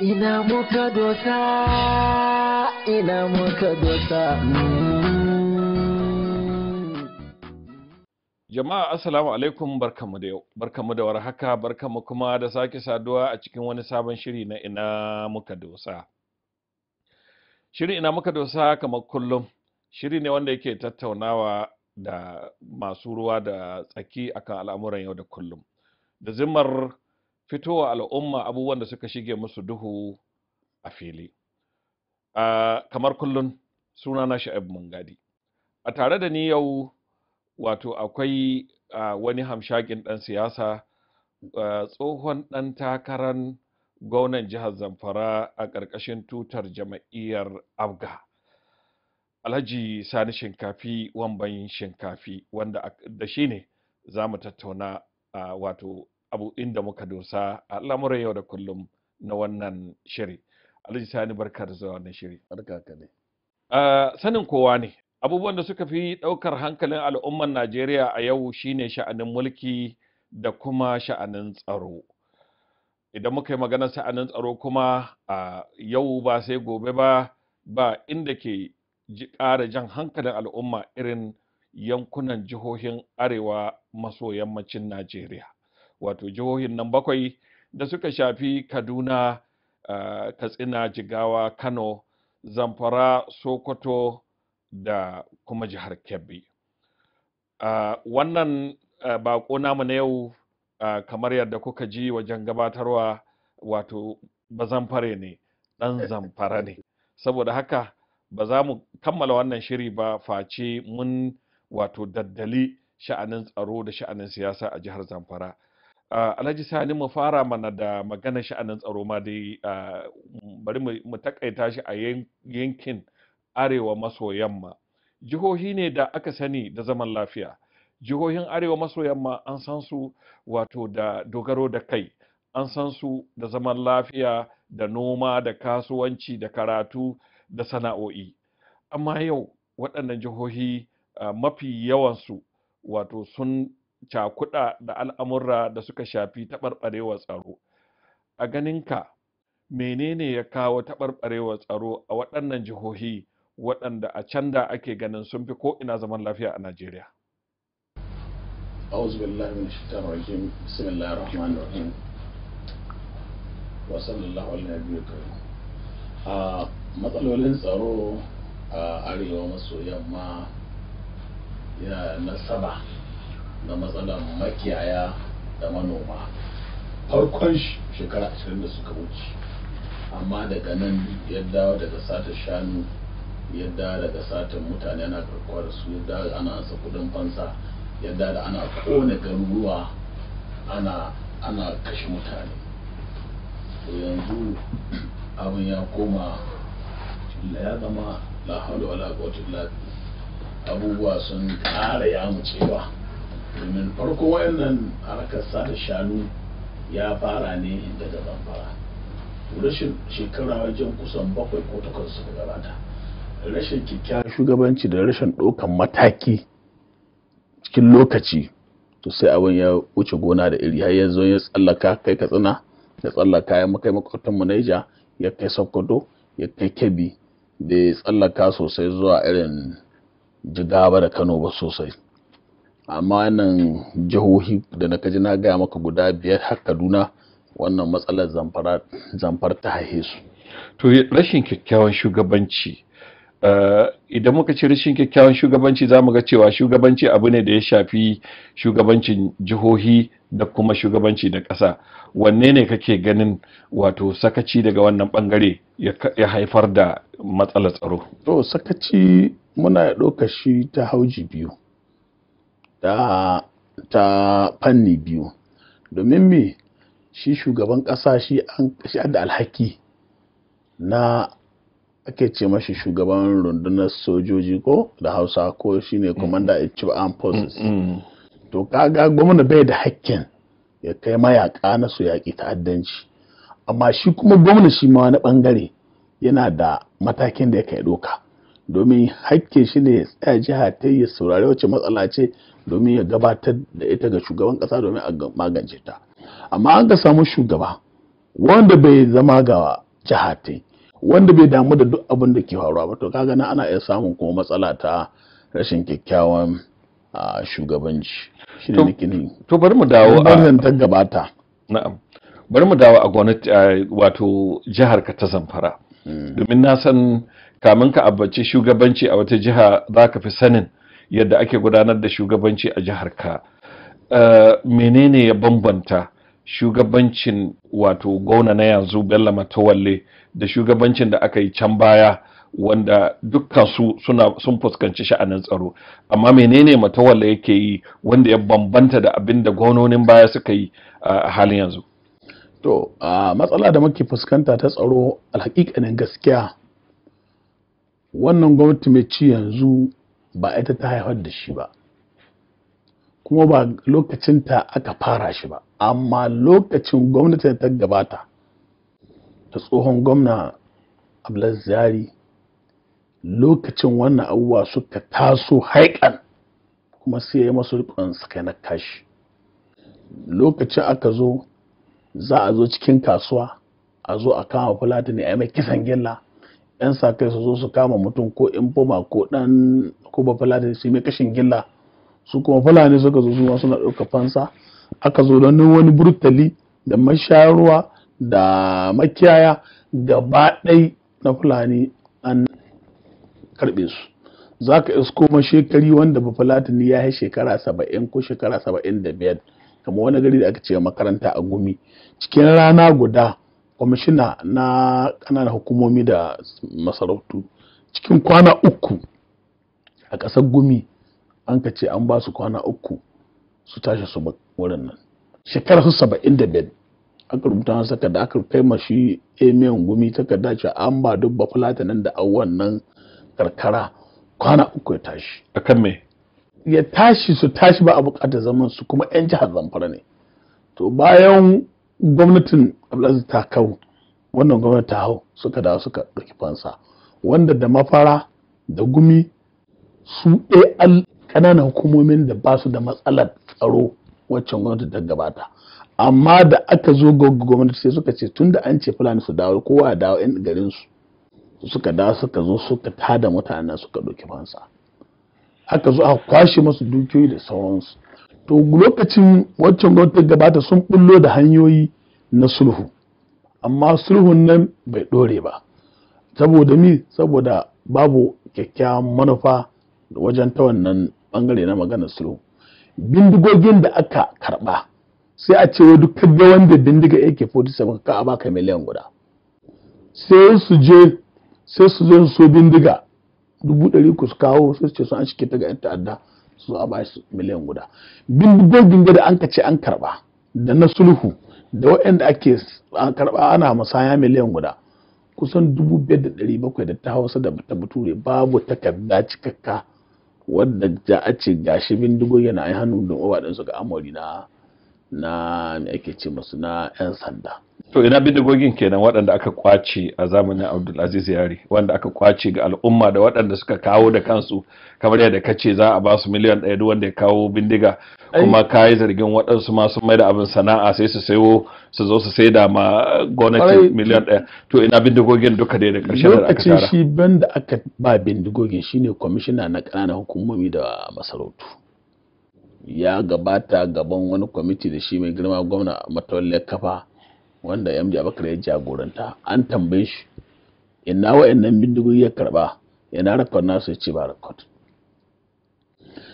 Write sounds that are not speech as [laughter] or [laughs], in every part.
ina muka dosa ina muka dosa jama'a assalamu alaikum barkamu da yau barkamu da warhaka barkamu kuma da sake saduwa a cikin wani sabon shiri na ina muka dosa shiri ina muka dosa kamar kullum shiri ne wanda yake tattaunawa da masu ruwa da tsaki akan al'amuran yau da kullum da zimmar fitowa al'umma abubuwan da suka shige musu duhu a fili kamar kullum suna na sha'ib mungadi a tare da ni yau wato akwai wani hamshakin ɗan siyasa tsohon ɗan takaran gwamnan jihar zamfara a ƙarƙashin tutar jama'iyyar abga alhaji sani shinkafi wamban shinkafi wanda da shi ne za mu tattauna wato abu inda muka dosa a al'amuran yau da kullum na wannan shiri alhaji sani barka da zuwa wannan shiri barka ka ne sanin kowa ne abubuwan da suka fi ɗaukar hankalin al'umman najeriya a yau shine sha'anin mulki da kuma sha'anin tsaro idan muka yi magana sha'anin tsaro kuma a yau ba sai gobe ba ba inda ke ƙara jan hankalin al'umma irin yankunan jihohin arewa maso yammacin najeriya wato jihohin nan bakwai da suka shafi kaduna uh, katsina jigawa kano zamfara sokoto da kuma jihar kebbi uh, wannan uh, eh, bako namu na yau uh, kamar yadda kuka ji wajen gabatarwa wato ba zamfare ne ɗan [laughs] zamfara ne saboda haka ba za mu kammala wannan shiri ba face mun wato daddali sha'anin tsaro da sha'anin siyasa a jihar zamfara Alhaji Sani mu fara mana da magana sha'anin tsaro ma dai bari mu takaita shi a yankin arewa maso yamma. Jihohi ne da aka sani da zaman lafiya. Jihohin arewa maso yamma an san su wato da dogaro da kai, an san su da zaman lafiya da noma da kasuwanci da karatu da sana'o'i. Amma yau waɗannan jihohi mafi yawansu wato sun cakuɗa da al'amurra da suka shafi taɓarɓarewa tsaro a ganinka menene ya kawo taɓarɓarewa tsaro a waɗannan jihohi waɗanda a can da ake ganin sun fi ko ina zaman lafiya a najeriya أعوذ بالله من الشيطان الرجيم بسم الله الرحمن الرحيم وصلى الله على النبي الكريم matsalolin tsaro a arewa maso yamma ya nasaba na matsalar makiyaya da manoma farkon shekara ashirin da suka wuce amma daga nan ya dawo daga satar shanu ya daga satar mutane ana karkuwa da su ya ana ansa kudin fansa ya da ana kone garuruwa ana ana kashe mutane yanzu abin ya koma ya zama la hawla abubuwa sun ƙara yamu cewa domin farko wayannan harkar sada shanu ya fara ne daga zamfara rashin shekara wajen kusan bakwai ko takwas suka gabata rashin kyakkyawan shugabanci da rashin ɗaukan mataki cikin lokaci to sai abin ya wuce gona da iri har yanzu ya tsallaka kai katsina ya tsallaka ya makai makwatan mu naija ya kai sokoto ya kai kebbi da ya tsallaka sosai zuwa irin jigaba da kano ba sosai amma nan jihohi da na kaji na gaya maka guda biyar har kaduna wannan matsalar zamfar ta haihe su to rashin kyakkyawan shugabanci eh, idan muka ci rashin kyakkyawan shugabanci za mu ga cewa shugabanci abu ne da ya shafi shugabancin jihohi da kuma shugabanci da ƙasa wanne ne kake ganin wato sakaci daga wannan bangare ya haifar da matsalar tsaro to sakaci muna ɗauka shi ta hauji biyu da ta fanni biyu domin me shi shugaban ƙasa shi an shi da alhaki na ake ce mashi shugaban rundunar sojoji ko da hausa ko shi ne mm-hmm. commander in chief armed forces mm-hmm. to kaga gwamna bai da hakkin ya kai mayaka na su yaƙi ta'addanci amma shi kuma gwamna shi ma wani bangare yana da matakin da ya kai doka domin hakkin shi ne ya tsaya jiha ta yi saurari wacce matsala ce domin ya gabatar da ita ga shugaban kasa domin a magance ta amma an ka samu shugaba wanda bai zama ga jiha ta wanda bai damu da duk abin da ke faruwa ba to kaga na ana iya samun kuma matsala ta rashin kyakkyawan shugabanci shi ne to bari mu dawo a ta gabata na'am bari mu dawo a gwamnati wato jihar ka ta zamfara hmm. domin na san kamin ka abinci shugabanci a wata jiha za ka fi sanin yadda ake gudanar da shugabanci a jihar ka eh, menene ya bambanta shugabancin wato gona na yanzu bello matawalle da shugabancin da aka yi can baya wanda dukkan su suna sun fuskanci sha'anin tsaro amma menene Matawalle yake yi wanda ya bambanta da abin da gwamnonin baya suka yi a halin yanzu to a matsala da muke fuskanta ta tsaro alhakikanin gaskiya wannan gwamnati mai ci yanzu ba ita ta haifar da shi ba kuma ba lokacinta aka fara shi ba amma lokacin gwamnati ta gabata ta tsohon gwamna ablas zari lokacin wannan abubuwa suka taso haikan kuma sai ya masu rikon sakai na kashi lokacin aka zo za a zo cikin kasuwa a zo a kama fulatani a yi mai kisan gilla 'yan sa kai su zo su kama mutum ko in ko dan ko ba fulani su mai kashin gilla su kuma fulani suka zo suma suna ɗauka fansa aka zo don wani burtali da mashayarwa da makiyaya gaba ɗai na fulani an karɓe su za ka isko ma shekari wanda ba fulatani ya yi shekara saba'in ko shekara saba'in da biyar kamar wani gari da aka ce makaranta a gumi cikin rana guda kwamishina na ƙananan hukumomi da masarautu cikin kwana uku a ƙasar gumi an ka ce an ba su kwana uku su tashi su ba wurin nan shekarar su saba'in da bed aka rubuta wasu da aka kai ma shi emiyan gumi takarda dace an ba dubba fulata nan da awon nan karkara kwana uku ya tashi kan me ya tashi su tashi ba a bukatar zaman su kuma yan jihar zamfara ne to bayan gwamnatin abdulaziz ta kawo wannan gwamnati ta hau suka dawo suka ɗauki fansa wanda da mafara da gumi su al ƙananan hukumomin da ba su da matsalar tsaro waccan gwamnati ta gabata amma da aka zo ga gwamnati sai suka ce tun da an ce fulani su dawo kowa dawo yan garin su suka dawo suka zo suka tada mutanen suka ɗauki fansa aka zo aka kwashe masu dukiyoyi da sauransu to lokacin waccan gwamnati gabata sun bullo da hanyoyi na sulhu amma sulhun nan bai ɗore ba saboda mi saboda babu kyakkyawan manufa da wajen ta wannan bangare na maganar sulhu bindigogin da aka karba sai a ce dukkan kaga wanda bindiga AK47 ka a baka miliyan guda sai su je sai su zo so bindiga dubu ɗari ku su kawo sai su ce sun an shike ta ga 'yan ta'adda su a ba su miliyan guda bindigogin da an ce an karba da na sulhu da waɗanda ake karba ana musaya miliyan guda kusan dubu biyar da ɗari bakwai da ta hausa da ta bature babu takarda cikakka wadda da a ce gashi bindigogin na hannu da uwa ɗinsu ga amori na na ake ce masu na 'yan sanda to ina bindigogin kenan waɗanda aka kwace a zamanin abdulaziz yari wanda aka kwace ga al'umma da waɗanda suka kawo da kansu kamar yadda ka ce za a ba su miliyan ɗaya duk wanda ya kawo bindiga kuma ka yi zargin waɗansu masu mai da abin sana'a sai su sayo su zo su sai da ma gwamnati miliyan ɗaya to ina bindigogin duka dai da ƙarshen da aka tara shi ban aka ba bindigogin shine kwamishina na ƙananan hukumomi da masarautu ya gabata gaban wani kwamiti da shi mai girma gwamna matawalle kafa wanda MD Bakar ya jagoranta an tambaye shi ina wa'annan bindigogi ya karba ina rakon nasu ya ce ba rakon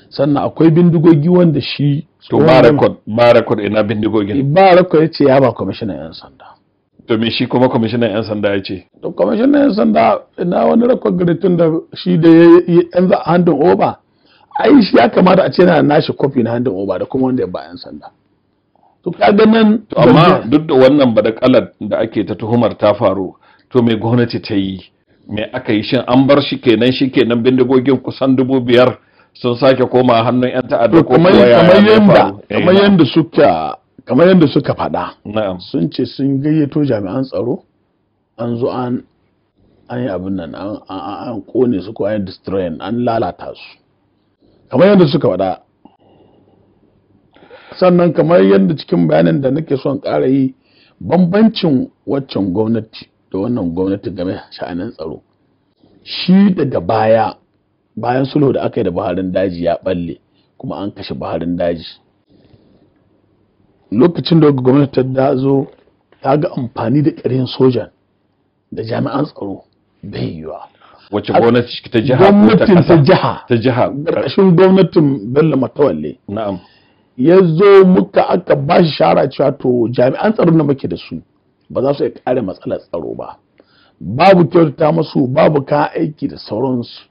sannan akwai bindigogi wanda shi to ba rakon ba rakon ina bindigogin ba rakon ya ce ya ba kwamishinan yan sanda to me shi kuma kwamishinan yan sanda ya ce to kwamishinan yan sanda ina wani rakon gari tun da shi da ya yi yan za a handin oba ai shi ya kamata a ce na nashi kofi na handin oba da kuma wanda ya ba yan sanda to kaga nan amma duk da wannan badakalar da ake ta tuhumar ta faru to me gwamnati ta yi me aka yi shin an bar shi kenan shi kenan bindigogin kusan dubu biyar sun sake koma hannun yan ta'adda ko kuma eh, kamar yanda suka kamar yadda suka faɗa sun ce sun gayyato jami'an tsaro an zo an an yi abin nan an kone su ko an destroy an lalata su kamar yadda suka faɗa sannan kamar yadda cikin bayanin da nake son ƙara yi bambancin waccan gwamnati da wannan gwamnati game sha'anin tsaro shi daga baya bayan sulhu da aka yi da buharin daji ya balle kuma an kashe buharin daji lokacin da gwamnati ta dazo ta ga amfani da ƙarin sojan da jami'an tsaro bai yiwa wacce gwamnati ta jiha ta jiha ta jiha ƙarƙashin gwamnatin bello matawalle na'am ya zo muka aka ba shi shara cewa to jami'an tsaron da muke da su ba za su iya kare matsalar tsaro ba babu kyauta masu babu kayan aiki da sauransu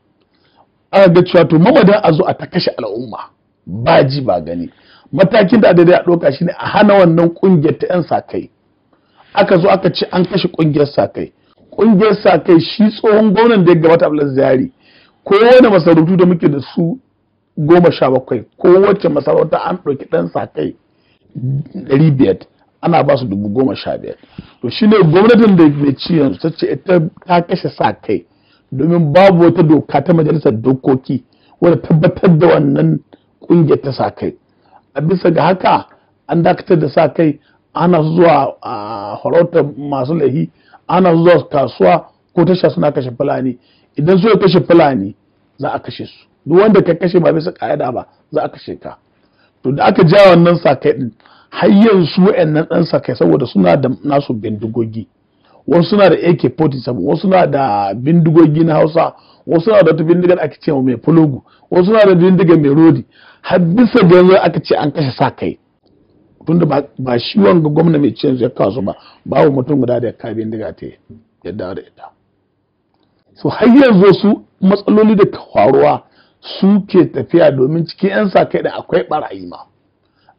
aka ga cewa to mamadin a zo a ta kashe al'umma ba ji ba gani matakin da daidai a ɗauka shine a hana wannan ƙungiyar ta 'yan sakai aka zo aka ce an kashe ƙungiyar sakai ƙungiyar sakai shi tsohon gwamnan da ya gabata abdullahi zari ko wani masarautu da muke da su goma sha bakwai ko kowace masarauta an ɗauki ɗan sa kai ɗari biyar ana ba su dubu goma sha biyar to shine gwamnatin da mai ci yanzu ta ce ita ta kashe sa kai domin babu wata doka ta majalisar dokoki wadda tabbatar da wannan ƙungiyar ta sa kai a bisa ga haka an dakatar da sa kai ana zuwa a farautar masu lahi ana zuwa kasuwa ko tasha suna kashe fulani idan suka kashe fulani za a kashe su duk wanda ka kashe ba bisa ka'ida ba za a kashe ka to da aka ja wannan sakai din har yanzu wayannan dan sakai saboda suna da nasu bindigogi wasu suna da AK47 wasu suna da bindigogi na Hausa wasu suna da wata bindigar ake ce mai fulogu wasu suna da bindigar mai rodi har bisa ga yanzu aka ce an kashe sakai tunda ba shi wanga gwamna mai cin ya kasu ba babu mutum guda da ya ka bindiga ta yadda da ita so har yanzu su matsaloli da faruwa suke tafiya domin cikin 'yan sa kai da akwai barayi ma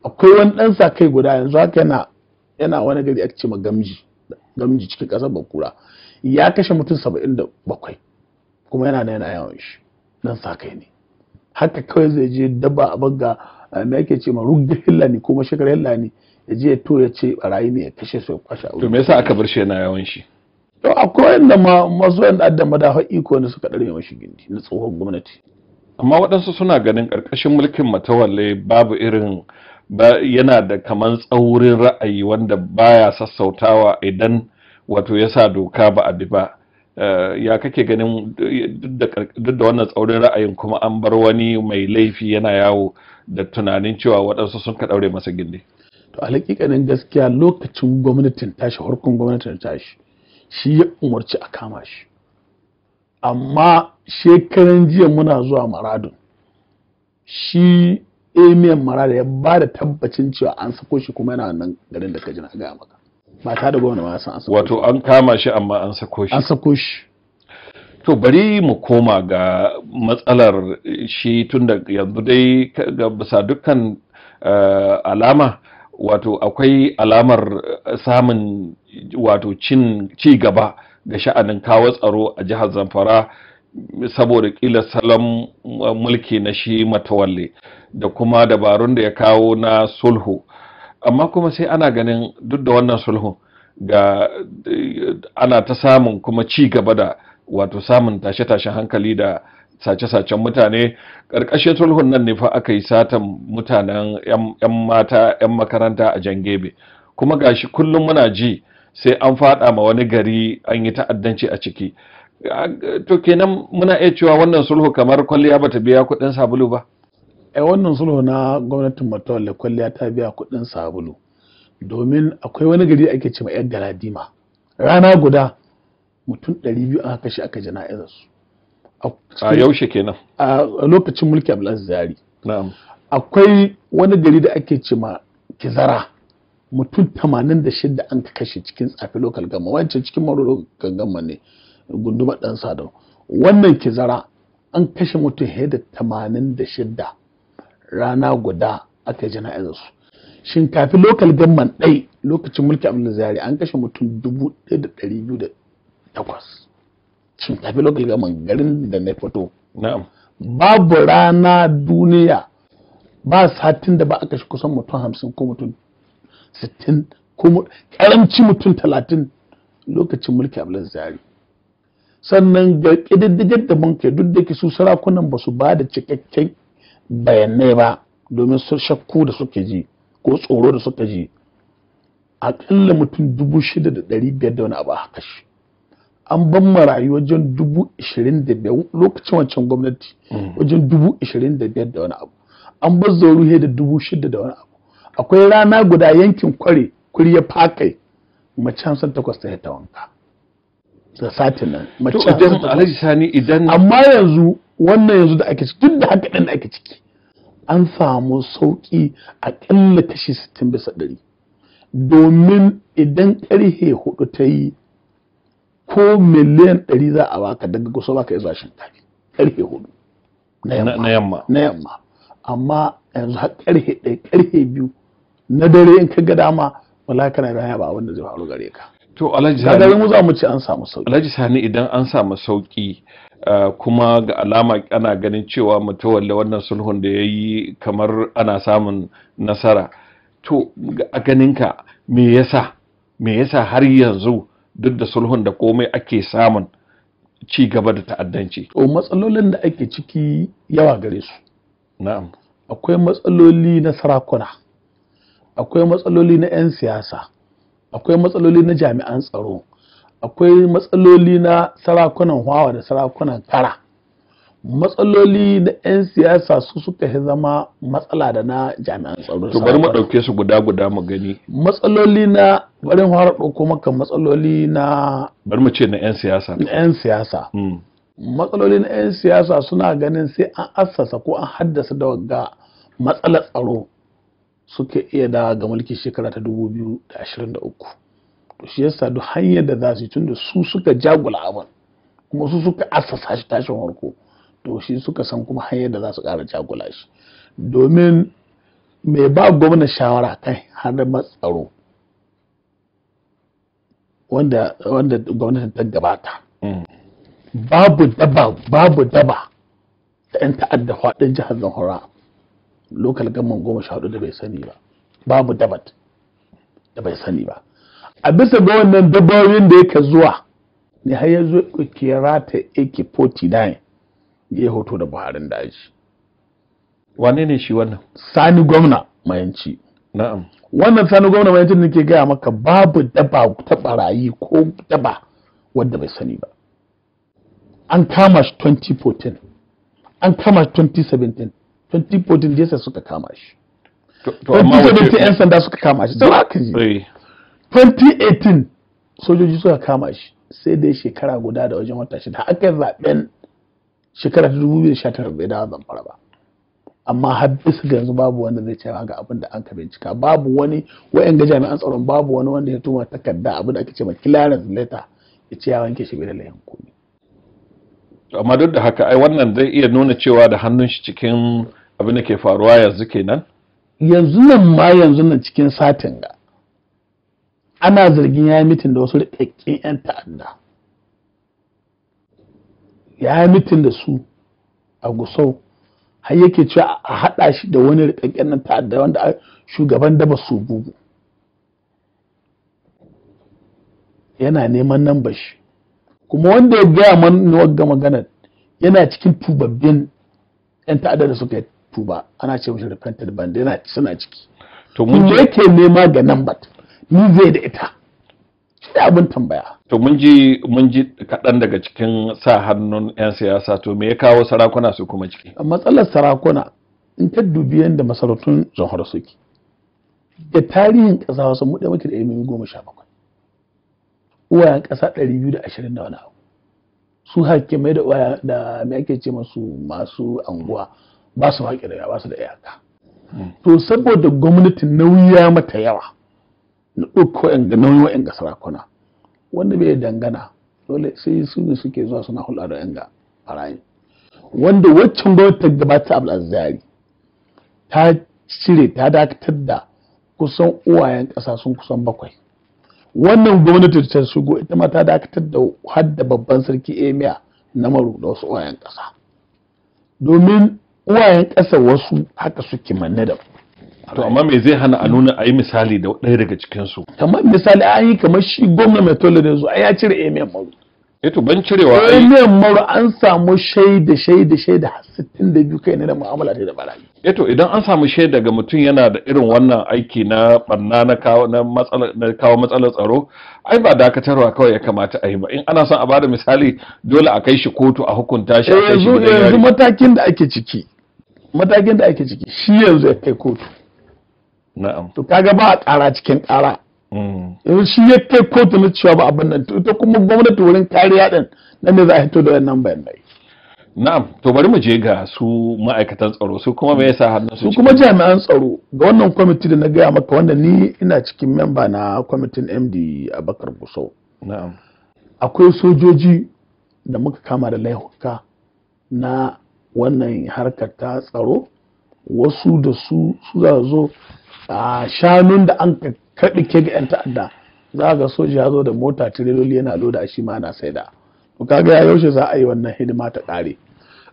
akwai wani ɗan kai guda yanzu haka yana yana wani gari a ce gamji gamji cikin ƙasar bakura ya kashe mutum saba'in da bakwai kuma yana yana yawon shi ɗan kai ne haka kawai zai je daba a bagga eh, me yake ce ma rugga hilla ne kuma shekar hilla ne ya je to ya ce barayi ne ya kashe su ya kwashe to me yasa aka bar shi yana yawon shi akwai wanda masu wanda adda madafa iko ne suka ɗarme mashi gindi na tsohon gwamnati amma waɗansu suna ganin ƙarƙashin mulkin matawalle babu irin yana da kaman tsaurin ra'ayi wanda baya sassautawa idan wato ya sa doka ba a bi ba eh, ya kake ganin duk da wannan tsaurin ra'ayin kuma an bar wani mai laifi yana yawo da tunanin cewa waɗansu sun ka ɗaure masa gindi to a hakikanin gaskiya lokacin gwamnatin tashi harkun gwamnatin tashi shi ya umarci a kama shi amma shekaran jiya muna zuwa maradun shi emiyan maradun ya ba da tabbacin cewa an sako shi kuma yana nan garin da kaji na gaya maka ba ta da gwamna ba san an sako wato an kama shi amma an sako shi an sako shi to bari mu koma ga matsalar shi tunda yanzu dai ga bisa dukkan eh, alama wato akwai alamar eh, samun wato cin ci gaba ga sha'anin kawo tsaro a jihar zamfara saboda kila salon mulki na shi matawalle da kuma dabarun da ya kawo na sulhu amma kuma sai ana ganin duk da wannan sulhu ga ana ta samun kuma ci gaba da wato samun tashe-tashen hankali da sace-sacen mutane ƙarƙashin sulhun nan ne fa aka yi satan mutanen 'yan mata 'yan makaranta a jangebe kuma gashi kullum muna ji sai an fada ma wani gari an yi ta'addanci a ciki to kenan muna iya cewa wannan sulhu kamar kwalliya bata biya kuɗin sabulu ba a eh, wannan sulhu na gwamnatin matawalle kwalliya ta biya kuɗin sabulu domin akwai wani gari ake cewa yar galadima rana guda mutum ɗari biyu aka kashe aka jana'izar su a yaushe kenan a lokacin mulki abdulaziz zari akwai wani gari da ake cewa kizara mutum 86 an kashe cikin tsafi lokal gama wancan cikin maro lokal gama ne gundumar ɗan sadau wannan kizara an kashe mutum fiye da tamanin da shidda rana guda aka ji su shin kafin lokal gamman ɗai lokacin mulki abin zari an kashe mutum dubu ɗaya da ɗari biyu da takwas shin kafin lokal gamman garin da na fito babu rana duniya ba satin da ba a kashe kusan mutum hamsin ko mutum sittin ko karanci mutum talatin lokacin mulki abin zari sannan ga ƙididdigar da mun duk da ke su sarakunan ba su ba da cikakken bayanai ba domin su shakku da suka ji ko tsoro da suka ji aƙalla mutum dubu shida da ɗari biyar da wani abu haka shi an ban marayu wajen dubu ishirin da biyar lokacin wancan gwamnati hmm. wajen dubu ishirin da biyar da wani abu an bar zauruhe da dubu shida da wani abu akwai rana guda yankin kware ya fakai macen san takwas ta wanka da satin nan idan alhaji sani idan amma yanzu wannan yanzu da ake ciki duk da haka ɗin da ake ciki an samu sauƙi ƙalla kashi 60 bisa ɗari domin idan ƙarfe hudu ta yi ko miliyan ɗari za a baka daga ba baka yi zuwa shinkafi ƙarfe hudu na yamma na yamma amma yanzu har ƙarfe ɗaya ƙarfe biyu na dare in ka ga dama wala kana da haya ba wanda zai faru gare ka to alhaji sani idan an samu sauki eh, kuma ga alama ana ganin cewa mutawalle wannan sulhun da ya yi kamar ana samun nasara to a ganinka me yasa me har yanzu duk da sulhun da komai ake samun ci gaba da ta'addanci to matsalolin da ake ciki yawa gare su akwai matsaloli na sarakuna akwai matsaloli na 'yan siyasa akwai matsaloli na jami'an tsaro akwai matsaloli na sarakunan hawa da sarakunan kara matsaloli na 'yan siyasa su suka zama matsala da na jami'an tsaro to bari mu su guda guda mu gani matsaloli na bari mu ɗauko maka matsaloli na bari mu ce na 'yan siyasa na 'yan siyasa hmm. matsaloli na 'yan siyasa suna ganin sai an assasa ko an haddasa da wagga matsalar tsaro suka iya dawa ga mulki shekara ta 2023 to shi yasa duk hanyar da za su yi tunda su suka jagula abin kuma su suka assasa shi tashin harko to shi suka san kuma hanyar da za su ƙara jagula shi domin mai ba gwamna shawara kai har matsaro wanda wanda gwamnatin ta gabata mm. babu daba babu daba Ta 'yan ta'adda faɗin jihar zamfara lokal gamman goma sha hudu da bai sani ba babu dabat da bai sani ba a bisa ga wannan dabbobin da yake zuwa ne har ya zo ke rata ak-49 ya yi hoto da buharin daji wane ne shi wannan sani gwamna mayanci na'am wannan sani gwamna mayanci da ke gaya maka babu daba ta barayi ko daba wadda bai sani ba an kama shi 2014 an kama shi 2017 2014 DSS suka kama shi 2017 'yan sanda suka kama shi Sai haka ji 2018 sojoji suka kama shi sai dai shekara guda da wajen wata shida aka yi zaben shekara ta 2019 bai dawo zamfara ba amma har bisa ga yanzu babu wanda zai cewa ga abin da an ka bincika babu wani wayan ga jami'an tsaron babu wani wanda ya tuma takarda abin da ake cewa ma clearance letter ya ce ya wanke shi bai da layin kuɗi. amma duk da haka ai wannan zai iya nuna cewa da hannun shi cikin abin da ke faruwa yanzu kenan yanzu nan ma yanzu nan cikin satin ga ana zargin ya yi mitin da wasu rikakken 'yan ta'adda ya yi mitin da su a gusau har yake cewa a haɗa shi da wani rikakken nan ta'adda wanda shugaban daba su bugu yana neman nan bashi kuma wanda ya gaya man ga maganar yana cikin tubabbin 'yan ta'adda da suka yi tuba ana ce mishi repented band yana suna ciki to mun je yake nema ga nan bat ni zai da ita shi abin tambaya to mun ji mun ji kaɗan daga cikin sa hannun 'yan siyasa to me ya kawo sarakuna su kuma ciki matsalar sarakuna in ta dubi yadda masarautun jihar suke da tarihin ƙasa wasu mu muke da ilimin goma sha bakwai uwayen ƙasa ɗari biyu da ashirin da wani abu su hakimai da da me ake ce masu masu anguwa ba su haƙi da ba su da iyaka to saboda gwamnati nauyi mata yawa na ɗauko ga nauyi wa'yan ga sarakuna wanda bai dangana dole sai su ne suke zuwa suna hula da yan ga farayi wanda waccan ta gabata abdulazari ta cire ta dakatar da kusan uwayen ƙasa sun kusan bakwai wannan gwamnati ta shigo ita ma ta dakatar da hadda babban sarki Emiya na maru da wasu uwayen ƙasa domin uwayen ƙasa wasu haka suke manne da to amma me zai hana a nuna a yi misali da ɗaya daga cikinsu kamar misali an yi kamar shi gwamna mai tole da yanzu a ya cire emir maru eto eh ban cirewa ai emir maru an samu shaida shaida shaida sittin da biyu kai ne da mu'amala ta da barayi eto eh idan an samu shaida daga mutum yana da irin wannan aiki na barna na kawo na matsala na kawo matsalar tsaro ai ba dakatarwa kawai ya kamata a yi ba in ana son a bada misali dole a kai shi kotu a hukunta shi a kai shi eh, yanzu matakin da ake ciki matakin da ake ciki shi yanzu ya kai kotu na'am to kaga ba a ƙara cikin ƙara mm. yanzu shi ya kai kotu na cewa ba abin nan to kuma gwamnati wurin kariya din nan ne za a hito da wannan bayanai na'am to bari mu je ga su ma'aikatan tsaro su kuma me yasa hannun su kuma jami'an tsaro ga wannan kwamiti da na gaya maka wanda ni ina cikin memba na kwamitin MD Abakar Buso na'am akwai sojoji da muka kama da laifuka na wannan harkar ta tsaro wasu da su su za zo a shanun da an kaɗi ke ga 'yan ta'adda za a ga soja ya zo da mota tireloli yana loda shi ma ana saida to kaga ya yaushe za a yi wannan hidima ta ƙare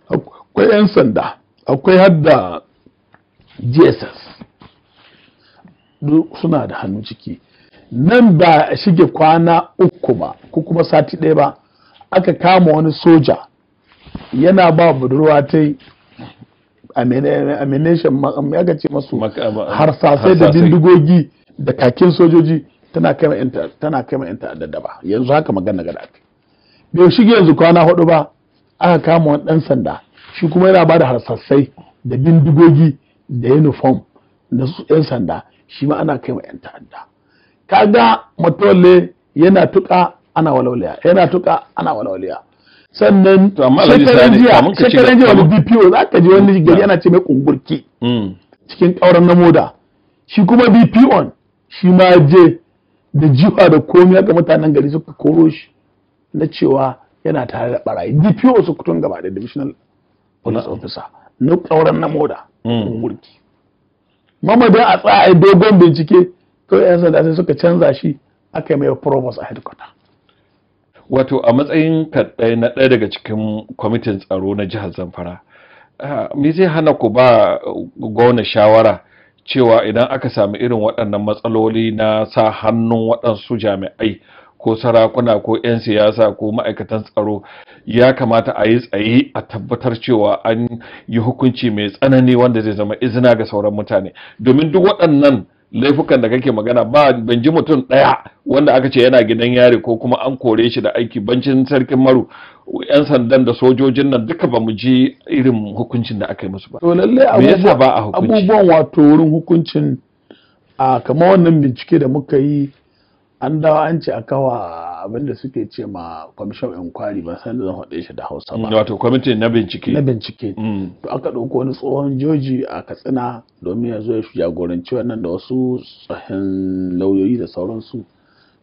akwai 'yan sanda akwai hadda jss suna da hannu ciki nan ba shige kwana uku ba ko kuma sati ɗaya ba aka kama wani soja yana ba budurwa ta yi amination ya ce masu harsasai da bindigogi da kakin sojoji tana kai ma 'yan da ba yanzu haka magana gada ake bai shige yanzu kwana hudu ba aka kama wani dan sanda shi kuma yana ba da harsasai da bindigogi da uniform na 'yan sanda shi ma ana kai ma ta'adda kaga matolle yana tuka ana walawaliya yana tuka ana walawaliya sannan shekaran jiya shekaran jiya wani bpo za ka ji wani mm, gari ana ce mai kungurki mm. cikin ƙauran na moda shi kuma bpo shi ma je da jiwa da komi ga mutanen gari suka koro shi na cewa yana tare da barayi B.P.O su kutun gaba da divisional police mm. officer na ƙauran na moda kungurki mamadin a tsaya dogon bincike kawai 'yan sanda sai suka canza shi aka yi mai provost a headquarter wato a matsayin ka na ɗaya daga cikin kwamitin tsaro na jihar zamfara ah, me zai hana ku ba gwamna shawara cewa idan aka sami irin waɗannan matsaloli na sa hannun waɗansu jami'ai ko sarakuna ko 'yan siyasa ko ma'aikatan tsaro ya kamata a yi tsaye a tabbatar cewa an yi hukunci mai tsanani wanda zai zama izina ga sauran mutane domin duk waɗannan laifukan da kake magana ba ban ji mutum ɗaya wanda aka ce yana gidan yari ko kuma an kore shi da aiki bancin sarkin maru yan sandan da sojojin nan duka ba mu ji irin hukuncin da aka yi musu ba to lalle abubuwan wato wurin hukuncin a kamar wannan bincike da muka yi an dawa an ce a kawa abinda suke ce ma kwamishin inquiry ba san zan faɗe shi da hausa ba mm, wato kwamitin na bincike na bincike mm. to aka ɗauko wani tsohon joji a katsina domin ya zo ya jagoranci wannan da wasu tsohon lauyoyi da sauransu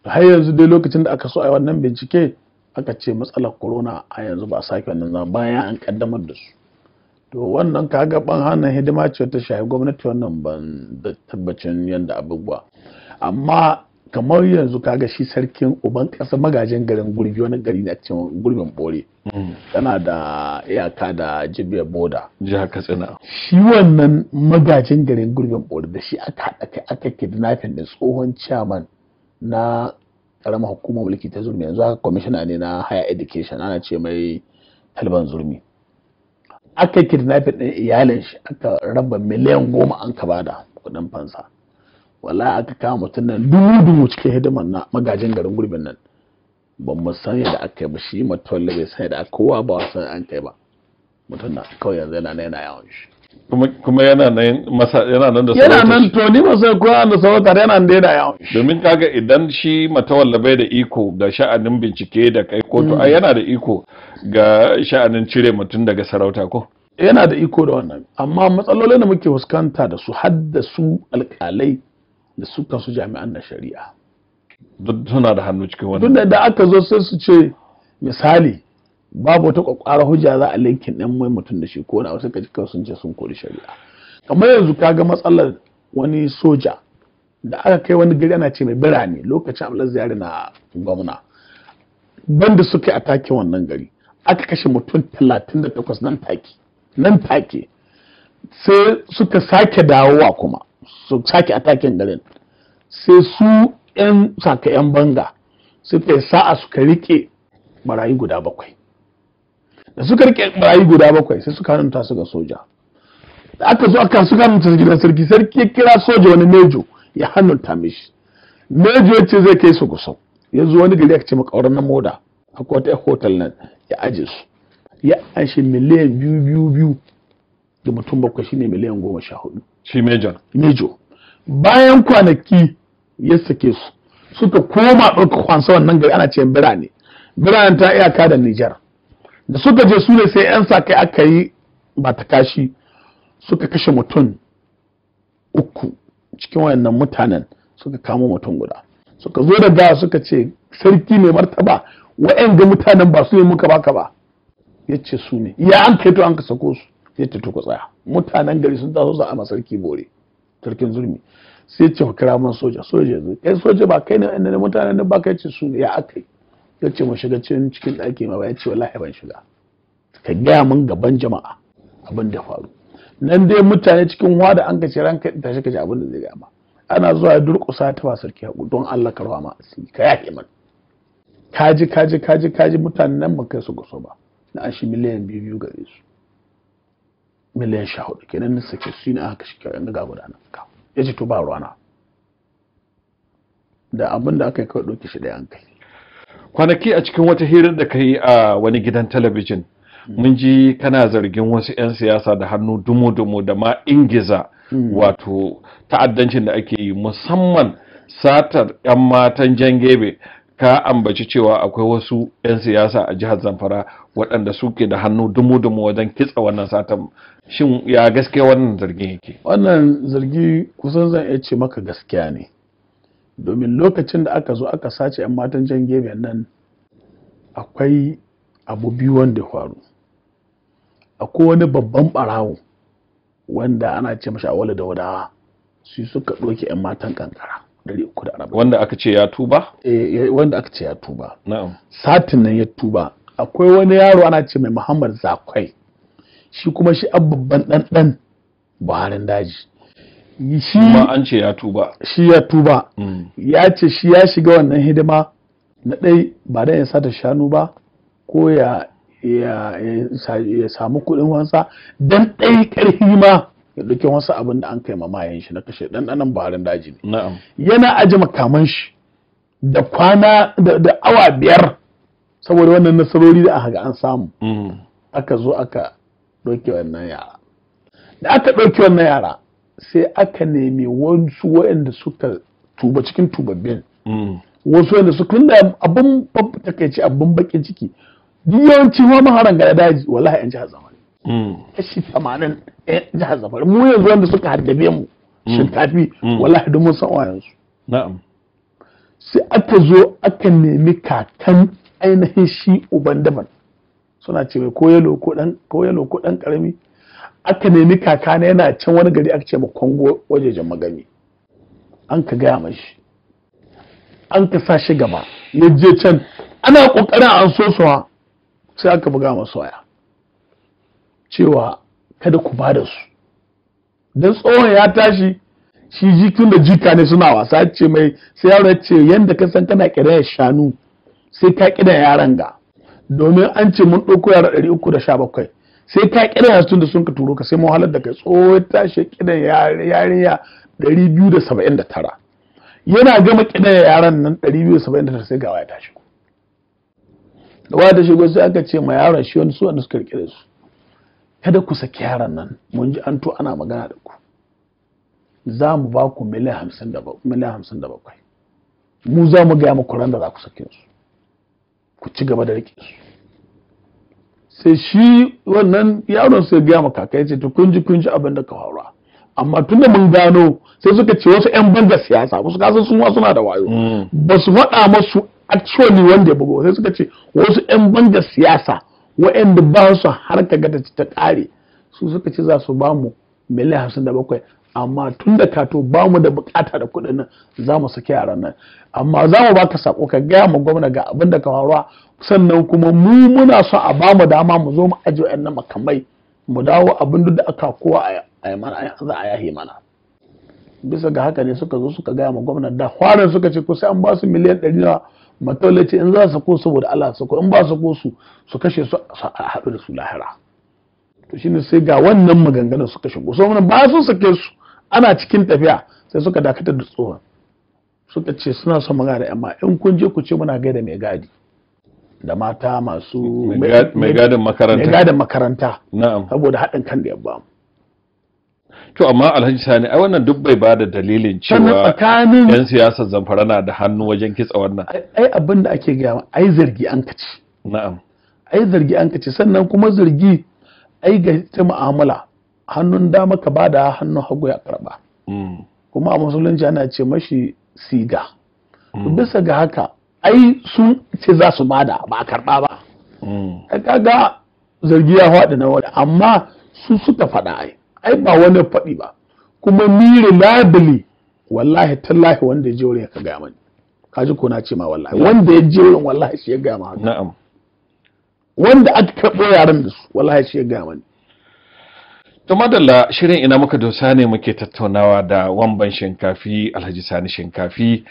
to har yanzu dai lokacin da aka so a yi wannan bincike aka ce matsalar corona a yanzu ba a sake wannan zama bayan an kaddamar da su to wannan kaga ban hannun hidima ce ta shahi gwamnati wannan ban da tabbacin yadda abubuwa amma kamar yanzu kaga shi sarkin uban ƙasa magajin garin gurbi wani gari na cin gurbin bore tana mm. da iyaka da jibiyar boda jiha katsina shi wannan magajin garin gurbin bore da shi aka haɗa kai aka kidnapping da tsohon chairman na karamar hukumar mulki ta zurmi yanzu aka kwamishina ne na higher education ana ce mai talban zurmi aka kidnapping ɗin iyalin shi aka raba miliyan goma an ka bada kuɗin fansa wala aka kama mutum nan dubu dubu cikin hidimar na magajin garin gurbin nan Ba mu san yadda aka yi ba shi matuwalle bai san yadda aka kowa ba san an kai ba mutum na kawai yanzu yana yana yawon shi kuma yana nan masa yana nan da yana nan to ni ba sai kowa da tare yana nan da yana yawon shi domin kaga idan shi matuwalle bai da iko ga sha'anin bincike da kai kotu ai mm. yana da iko ga sha'anin cire mutum daga sarauta ko yana da iko da wannan amma matsalolin da muke fuskanta da su hadda su alkalai da su kansu jami'an na shari'a duk suna da hannu cikin wannan duk da aka zo sai su ce misali babu wata kwakwara hujja za a linkin ɗan mai mutum da shi ko na wasu kaji sun ce sun kori shari'a kamar yanzu ka ga matsalar wani soja da aka kai wani gari ana ce mai birane lokacin amlar ziyari na gwamna banda suka yi a take wannan gari aka kashe mutum 38 nan take nan take sai suka sake dawowa kuma su sake atakin garin sai su 'yan saka 'yan banga suka yi sa'a suka rike barayi guda bakwai da suka rike barayi guda bakwai sai suka hannunta su ga soja da aka zo aka suka hannunta su gidan sarki sarki ya kira soja wani mejo ya hannunta mishi mejo ya ce zai kai su gusau ya zo wani gari aka ce makauran na moda akwai wata hotel nan ya aje su ya anshi miliyan biyu biyu biyu da mutum bakwai shine miliyan goma sha hudu shi major bayan kwanaki ya sake su suka koma ɗauka kwansa wannan gari ana ce birane birane ta iyaka da Nijar da suka je su ne sai 'yan sa kai aka yi ba ta kashi suka kashe mutum uku cikin wayannan mutanen suka kama mutum guda suka zo da gawa suka ce sarki mai martaba wa'yan ga mutanen ba su ne muka baka ba ya ce su ne ya an kai to an ka sako su ya ce to ku tsaya mutanen gari sun taso za a sarki bore sarkin zurmi sai ce kira man soja soja yanzu kai soja ba kai ne inda ne mutanen da ba kai ce su ya akai ya ce mu shiga cikin ɗaki ma ya ce wallahi ban shiga ka gaya mun gaban jama'a abin da faru nan dai mutane cikin da an kace ranka ta shi kace abin da zai ma ana zuwa ya durƙusa ta ba sarki haƙu don Allah rawa ma asiri ka yaƙe mana kaji kaji kaji kaji mutanen nan ba kai su gaso ba na an shi miliyan biyu biyu gare su miliyan sha hudu kenan na sake su ne aka kyau ga guda ka ya ce to ba ruwana da abin da aka yi kawai ɗauki shi da an kwanaki a cikin wata hirar da ka yi a wani gidan talabijin mun ji kana zargin wasu 'yan siyasa da hannu dumo-dumo da ma ingiza hmm. wato ta'addancin da ake yi musamman satar 'yan matan jan jangebe ka ambaci cewa akwai wasu 'yan siyasa a jihar zamfara waɗanda suke da hannu dumu-dumu wajen kitsa wannan satan shin ya gaskiya wannan zargi yake wannan zargi kusan zan iya ce maka gaskiya ne domin lokacin da aka zo aka sace 'yan matan jan gebe nan akwai abu biyu wanda faru akwai wani babban barawo wanda ana ce mashi a da wadawa su suka ɗoke 'yan matan kankara wanda aka ce ya tuba eh wanda aka ce ya tuba na'am satin nan ya tuba akwai wani yaro ana ce mai Muhammad Zakwai shi kuma shi abubban dan dan Buharin daji shi ma an ce ya tuba shi ya tuba hmm. ya ce shi ya shiga wannan hidima na ɗai ba dan ya sata shanu ba ko ya samu kuɗin wansa don ɗai ƙarfi ma ya ɗauki wasu abin da an kai mayan shi na kashe ɗanɗanon barin daji ne yana aji makaman shi da kwana da awa biyar saboda wannan nasarori da aka ga an samu mm. aka zo aka ɗauki wannan yara da aka ɗauki wannan yara sai aka nemi wasu waɗanda suka tuba cikin tubabbin mm. wasu waɗanda suka nuna abin takaici abin bakin ciki duk yawancin ma maharan gada daji wallahi yan jihar zamani kashi tamanin jihar zamfara mu yanzu wanda suka haddabe mu shinkafi mm. mm. wala duk mun san wayansu sai aka zo aka nemi kakan ainihin shi uban daban suna ce mai koyalo ko dan koyalo ko dan karami aka nemi kakana yana can wani gari aka ce ma kongo wajejen magani an ka gaya mashi an ka sa shi gaba ya je can ana ƙoƙarin an so sai aka buga masu waya cewa kada ku bada su don tsohon ya tashi shi jikin da jika ne suna wasa ce mai sai yaro ce yadda ka san kana kira ya shanu sai ka kira yaran ga domin an ce mun ɗauko yara ɗari uku da sha bakwai sai ka kira yasu tun da sun ka turo ka sai mahalar da kai tsohon tashi kiran yariya ɗari biyu da saba'in da tara yana gama kiran yaran nan ɗari biyu da saba'in da tara sai gawa ya tashi da waya ta sai aka ce ma yaron shi wani su wanda suka rike da su kada ku saki yaran nan mun ji an to ana magana da ku za mu ba ku miliyan hamsin da bakwai mu za mu gaya muku ran da za ku sake su ku ci gaba da rike su sai shi wannan yaron sai gaya maka kai ce to kun ji kun ji abin da ka faruwa amma tun da mun gano sai suka ce wasu 'yan banda siyasa wasu kasan sun wasu na da wayo mm. ba su faɗa masu actually wanda ya bugo sai suka ce wasu 'yan banda siyasa wa'anda ba su har ka gata ta ƙare su suka ci za su ba mu miliyan hamsin da bakwai amma tun da kato ba mu da bukata da kuɗin nan za mu saki yaran nan amma za mu baka sako ka gaya ma gwamna ga abin da ka faruwa sannan kuma mu muna so a ba mu dama mu zo mu ajiye wa'annan makamai mu dawo abin da aka kowa a mana za a yahe mana bisa ga haka ne suka zo suka gaya ma gwamna da kwanan suka ce ko sai an ba su miliyan ɗari matawalla ce in za su ko saboda Allah su ko in ba su ko su su kashe su a haɗu da su lahira to shine sai ga wannan maganganun suka shigo so saboda ba su sake su ana cikin tafiya sai suka dakatar da tsohon suka ce suna son magana amma in kun je ku ce muna gaida mai gadi da mata masu mai gadin makaranta na'am saboda haɗin kan da ya mu. to amma alhaji sani ai wannan duk bai ba da dalilin cewa yan siyasar zamfara na da hannu wajen kitsa wannan ai abin da ake gaya ai zargi an kace na'am ai zargi an kace sannan kuma zargi ai ga ta mu'amala hannun dama ka da hannun hagu ya karba mm. kuma a musulunci ana ce mashi siga mm. bisa ga haka ai sun ce za su bada ba a karba ba mm. kaga zargi ya faɗi na wani amma su suka faɗa ai ai ba wani faɗi ba kuma ni labili wallahi tallahi wanda ya je wurin ya ka gaya mani ji ko na ce ma wallahi wanda ya je wurin wallahi shi ya gaya ma na'am wanda aka karɓo yaran da su wallahi shi ya gaya mani to madalla shirin ina muka dosa ne muke tattaunawa da wamban shinkafi alhaji sani shinkafi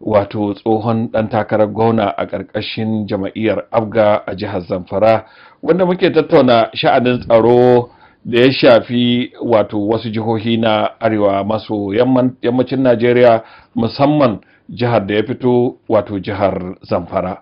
wato tsohon ɗan takarar gwamna a ƙarƙashin jama'iyyar abga a jihar zamfara wanda muke tattauna sha'anin tsaro da ya shafi wato wasu jihohi na arewa maso yammacin najeriya musamman jihar da ya fito wato jihar zamfara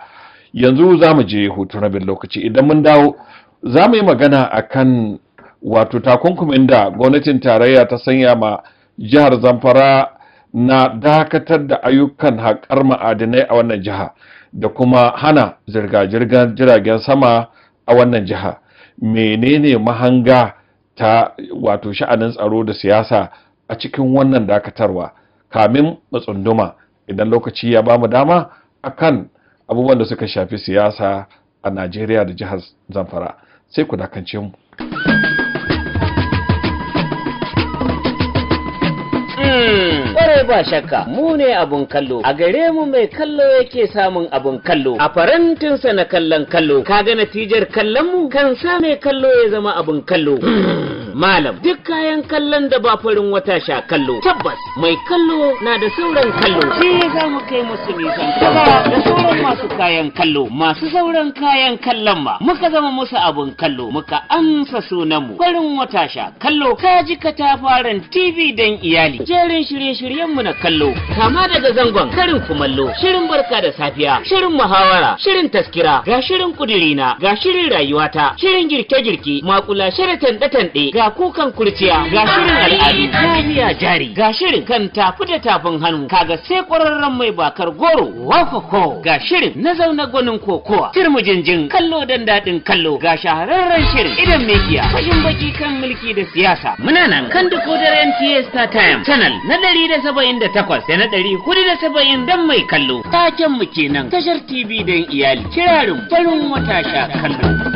yanzu za mu je hutu rabin lokaci idan mun dawo za mu yi magana akan wato takunkumin da gwamnatin tarayya ta sanya ma jihar zamfara na dakatar da ayyukan haƙar ma'adinai a wannan jiha da kuma hana zirga-zirgar jiragen sama a wannan jiha menene mahanga ta wato sha'anin tsaro da siyasa a cikin wannan dakatarwa kamin matsunduma idan lokaci ya bamu dama a kan abubuwan da suka shafi siyasa a najeriya da jihar zamfara sai ku dakance mu ba shakka mu ne abun kallo a gare mu mai kallo yake samun abun kallo a farantinsa na kallon kallo kaga natijar kallon mu kan sa mai kallo ya zama abun kallo [clears throat] malam duk kayan kallon da ba farin wata sha kallo tabbas mai kallo na da sauran kallo sai za mu kai musu nisan da sauran masu kayan kallo masu sauran kayan kallon ma muka zama musu abun kallo muka amsa sunan mu farin wata sha kallo ka ji ka ta katafaren tv dan iyali jerin shirye-shiryen mu na kallo kama daga zangon karin kumallo shirin barka da safiya shirin muhawara shirin taskira ga shirin kudirina ga shirin rayuwata shirin girke-girke makula shirin tanɗe-tanɗe ga kukan kurciya ga shirin al'adu jami'a jari ga shirin kan tafi da tafin hannu kaga sai ƙwararren mai bakar goro wakoko ga shirin na zauna gwanin kokowa turmujinjin kallo dan daɗin kallo ga shahararren shirin idan mekiya fashin baki kan mulki da siyasa muna nan kan dare NTA Star Time channel na ɗari da saba'in da takwas da na ɗari hudu da saba'in dan mai kallo. Taken mu kenan tashar TV don iyali kirarin farin wata kallo.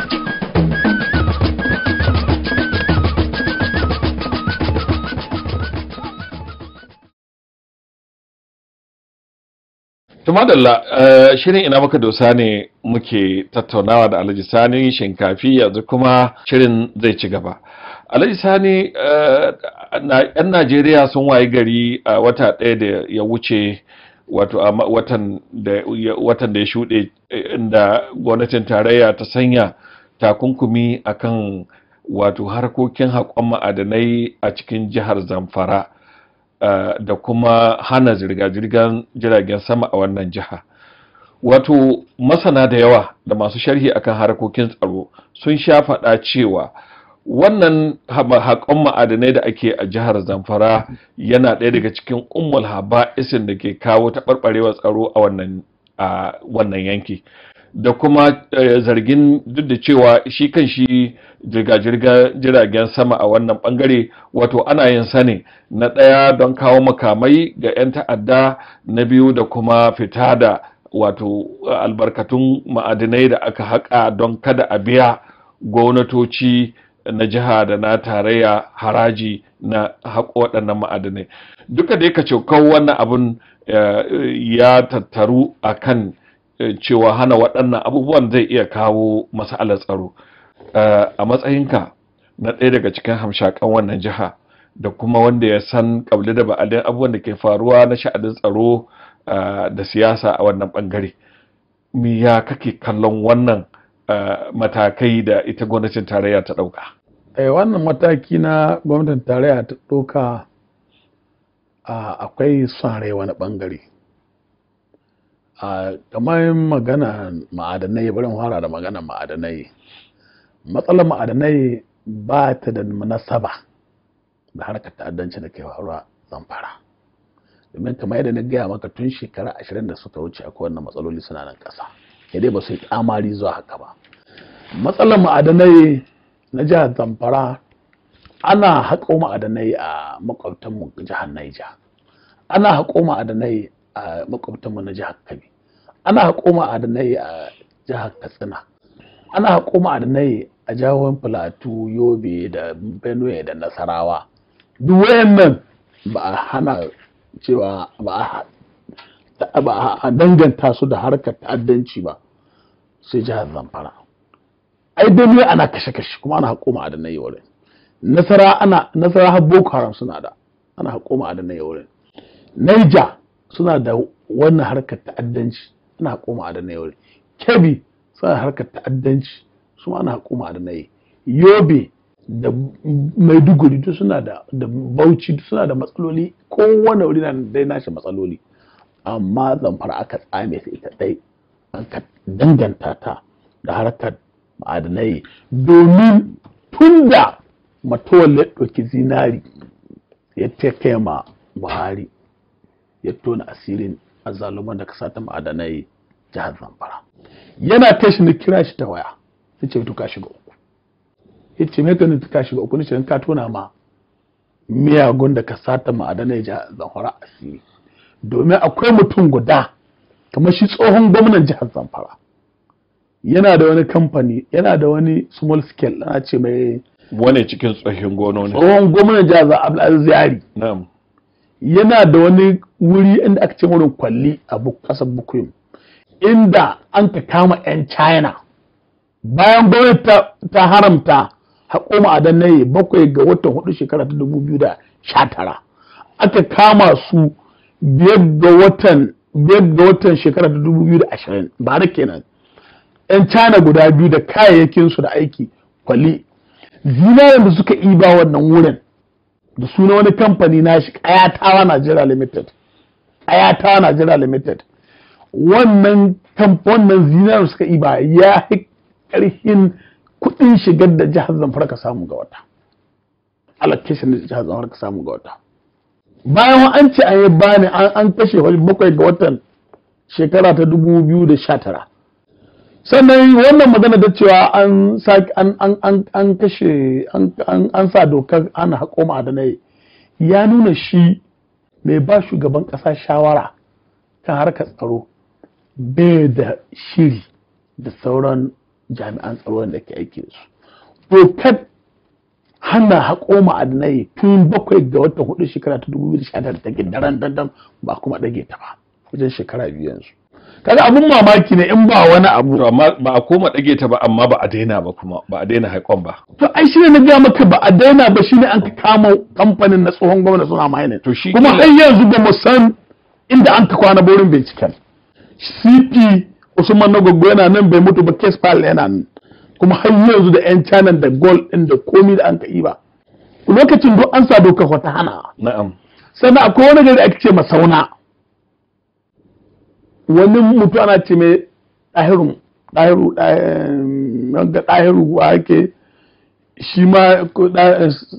tumadalla eh, shirin ina maka dosa ne muke tattaunawa da alhaji sani shinkafi yanzu kuma shirin zai ci gaba alhaji sani eh, yan najeriya sun waye gari a eh, wata ɗaya da ya wuce wato a watan da ya shuɗe eh, inda gwamnatin tarayya ta sanya takunkumi akan wato harkokin haƙon ma'adanai a cikin jihar zamfara da kuma hana zirga-zirgar jiragen sama a wannan jiha wato masana da yawa da masu sharhi akan harkokin tsaro sun sha faɗa cewa wannan haƙon ma'adanai da ake a jihar zamfara yana ɗaya daga cikin ummul isin da ke kawo taɓarɓarewar tsaro a wannan yanki da kuma eh, zargin duk da cewa shi kan shi jirga-jirga jiragen sama a wannan bangare wato ana yin sani na ɗaya don kawo makamai ga 'yan ta'adda na biyu da kuma fita da wato albarkatun ma'adinai da aka haƙa don kada a biya gwamnatoci na jiha da na tarayya haraji na waɗannan ma'adanai duka da ka ce wannan abin eh, ya tattaru a kan eh, cewa hana waɗannan abubuwan zai iya kawo matsalar tsaro eh, a matsayinka na ɗaya daga cikin hamshakan wannan jiha da kuma wanda ya san ƙabli da ba'adin abubuwan da ke faruwa na sha'adin tsaro da siyasa a wannan ɓangare me ya kake kallon wannan matakai da ita gwamnatin tarayya ta ɗauka eh wannan mataki na gwamnatin tarayya ta ɗauka akwai son rai wani ɓangare kamar magana ma'adanai barin fara da magana ma'adanai matsalar ma'adanai ba ta da nasaba da harkar ta'addanci da ke faruwa zamfara domin kamar yadda na gaya maka tun shekara ashirin da suka wuce akwai wannan matsaloli suna nan ƙasa ke dai ba su yi tsamari zuwa haka ba matsalar ma'adanai na jihar zamfara ana haƙo ma'adanai a makwabtanmu jihar naija ana haƙo ma'adanai a makwabtanmu na jihar kabi ana haƙo ma'adanai a jihar katsina ana haƙo ma'adanai a jihohin filatu yobe da benue da nasarawa duk wayannan ba a hana cewa ba a danganta su da harkar ta'addanci ba sai jihar zamfara ai dai ana kashe kashe kuma ana haƙo a ya wurin nasara ana nasara har boko haram suna da ana haƙo a ya wurin naija suna da wannan harkar ta'addanci ana haƙo a ya wurin kebbi suna da harkar ta'addanci su ana haƙo ma'adanai yobe da maiduguri duk suna da da bauchi suna da matsaloli kowane wuri na dai nashi matsaloli amma zamfara aka tsame ta ita dai an ka danganta ta da harkar ma'adanai domin tun da matowalle ɗauki zinari ya kai ma buhari ya tona asirin azaluman da kasa ta ma'adanai jihar zamfara yana tashi na kira shi ta waya sai ce ka shiga uku ya ce me ganin ka shiga uku ne ce ka tona ma miyagun da ka sata ma'adanai jihar zamfara asiri domin akwai mutum guda kamar shi tsohon gwamnan jihar zamfara yana da wani kamfani yana da wani small scale na ce mai wani cikin tsohon gononi tsohon gwamnan jihar abdulaziz yari yana da wani wuri inda aka ce wurin kwalli a kasar bukuyum inda an ka kama 'yan china bayan gwamnati ta haramta a ma'adan naye bakwai ga watan hudu shekara ta dubu biyu da sha tara aka kama su biyar ga watan shekara ta dubu biyu da ashirin ba da kenan 'yan cana guda biyu da kayayyakinsu da aiki kwali zinaren da suka iba wannan wurin da suna wani kamfani na shi ayatawa nigeria limited ayatawa nigeria limited wannan wannan zinaren suka iba ya karhin kudin shigar da jihar zamfara ka samu ga wata allocation da jihar zamfara ka samu ga wata bayan an ce an yi bani an kashe bakwai ga watan shekara ta dubu biyu da sha tara. sannan wannan magana da cewa an kashe an sa dokar ana haƙo ma'adanai ya nuna shi mai ba shugaban ƙasa shawara kan harkar tsaro bai da shiri da sauran jami'an tsaro da ke aiki da su dokar hana haƙo ma'adanai tun bakwai ga wata hudu shekara ta dubu da 2019 ta gindaran dandan ba kuma ɗage ta ba wajen shekara biyu yanzu kaga abun mamaki ne in ba wani abu ba a koma dage ta ba amma ba a daina ba kuma ba a daina haikon ba to ai shine na ga maka ba a daina ba shine an kama kamfanin na tsohon gwamna suna mining to shi kuma har yanzu ba mu san inda an ka kwana borin binciken CP Usman Nagogo yana nan bai mutu ba case file yana nan kuma har yanzu da yan channel da gold din da komi da an ka yi ba lokacin do an sa doka wata hana na'am sannan akwai wani gari ake ce masauna wani mutu ana ce mai ɗahiru ɗahiru ɗahiru wa ake shi ma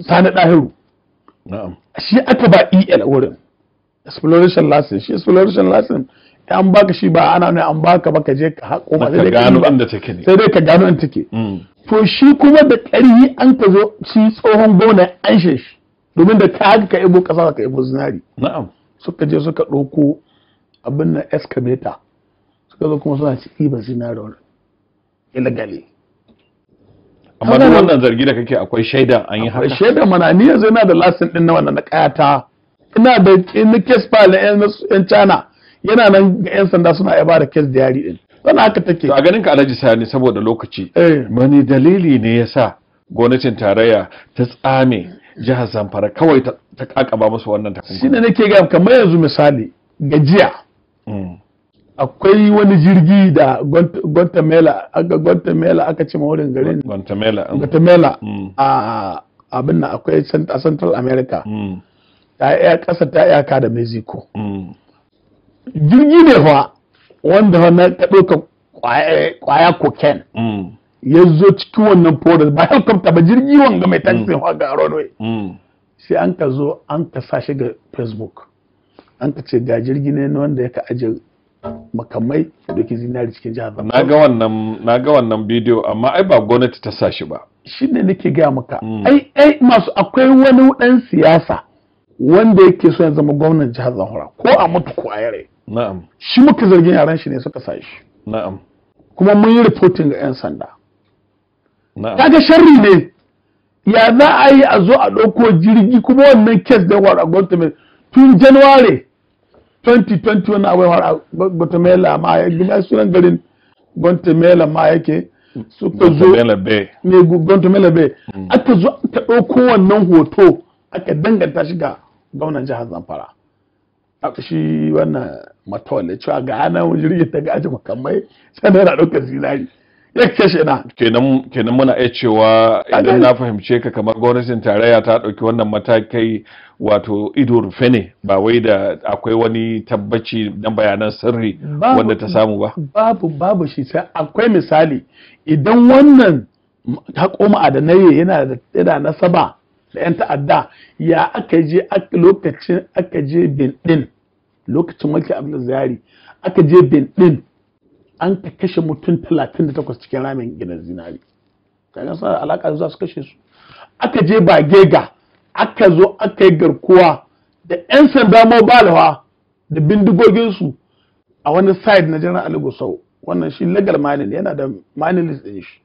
sani ɗahiru shi aka ba el wurin exploration license shi exploration license an baka shi ba ana ne an baka ba je ka hako ba sai gano inda take ne sai dai ka gano inda take mm. to shi kuma da ƙarfi an ka zo shi tsohon gona an shi domin da ka haka ka ibo ƙasa ka ibo zinari na'am suka je suka ɗauko abin na excavator suka zo kuma suna ci ba zinari wani illegally amma duk wannan zargi da kake akwai shaida an yi haka shaida mana ni yanzu ina da lasin din na wannan na kayata ina da in case file yan China yana nan ga yan sanda suna yaba da case diary din wannan haka take a ganin ka Alhaji Sani saboda lokaci mani eh. dalili ne yasa gwamnatin tarayya ta tsame jihar Zamfara kawai ta kakaba musu wannan takunkumi shine nake ga kamar yanzu misali gajiya akwai wani jirgi da guantamela guantamela aka ce ma garin guantamela um. mm. a abin nan akwai a central america mm. ta iya kasa ta iyaka da mexico mm. jirgi ne fa wanda fa na ka kwaya cocaine ya zo cikin wannan forest ba helicopter ba jirgi wanga mai taxi ga runway sai an ka zo an ka sa shi ga facebook an ka ce ga jirgi ne wanda ya ka ajiye makamai da ke zinari cikin jihar Na ga wannan bidiyo amma ai ba gwamnati ta sa shi ba. Shi ne nake gaya maka. Hmm. Ai ai masu akwai wani dan siyasa wanda yake so ya zama gwamnan jihar Zamfara ko a mutu ko a yare. Na'am. Shi muka zargin yaran shi ne suka sa shi. Na'am. Kuma mun yi reporting ga 'yan sanda. Na'am. Kaga sharri ne. Ya za a yi a zo a ɗauko jirgi kuma wannan kes da wara gwamnati tun Januwari 2020 wani abai har guatemala ma ya sunan garin guatemala ma yake suka zo ne guatemala bay hmm. aka zo aka ɗauko wannan hoto aka danganta shi ga gwamnan jihar zamfara aka shi wannan matawalle cewa ga ana jirgin ta gaji makamai sannan yana ɗaukar zinari kenan kenan muna iya cewa idan na fahimce ka kamar gwamnatin tarayya ta ɗauki wannan matakai wato ido rufe ne ba wai da akwai wani tabbaci na bayanan sirri wanda ta samu ba babu babu shi sai akwai misali idan wannan haƙo ma'adanai yana da nasaba da 'yan ta'adda ya aka je lokacin aka je bin din lokacin mulki abdul zari aka je bin din an ka kashe mutum 38 cikin ramin gidan zinari kaga sa alaka zuwa su kashe su aka je ba gega aka zo aka yi garkuwa da 'yan sanda mobalawa da bindigoginsu a wani side na jiran aligusau wannan shi legal manil yana da manilis list din shi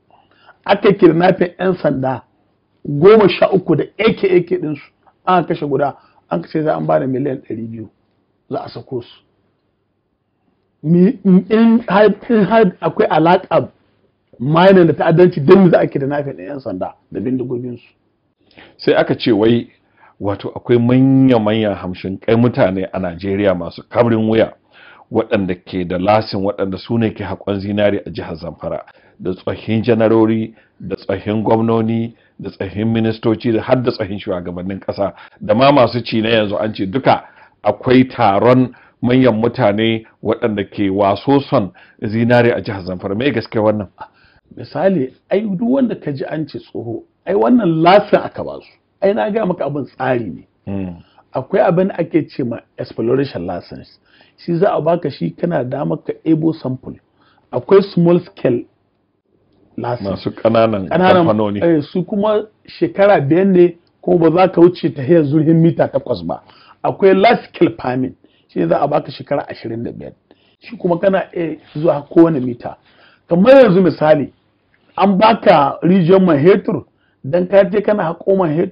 aka kidnapping 'yan sanda goma sha uku da ake ake ɗinsu an kashe guda an kashe za an ba da miliyan 200 za a sako su in har akwai alaƙa minor da ta'addanci don za a da nafi na 'yan sanda da bindigoginsu sai aka ce wai wato akwai manya-manyan hamshin kai mutane a najeriya masu kamrin wuya waɗanda ke da lasin waɗanda su ne ke haƙon zinari a jihar zamfara da tsohin janarori da tsohin gwamnoni da tsohin ministoci da har da tsohin shugabannin ƙasa da ma masu ci na yanzu an ce duka akwai taron manyan mutane waɗanda ke waso son zinare a jihar zamfara mai gaske wannan misali ai duk wanda ka ji an ce tsoho ai wannan lasin aka ba su ai na gaya maka abin tsari ne hmm. akwai abin ake ce ma exploration license shi za a baka shi kana da maka ebo sample akwai small scale license masu kananan kamfanoni eh, su kuma shekara biyan ne kuma ba za ka wuce ta hiyar zurhin mita takwas ba akwai large scale farming shi za a baka shekara ashirin da biyar shi kuma kana iya zuwa kowane mita kamar yanzu misali an baka rijiyar mahetur, don dan ka je kana haƙo man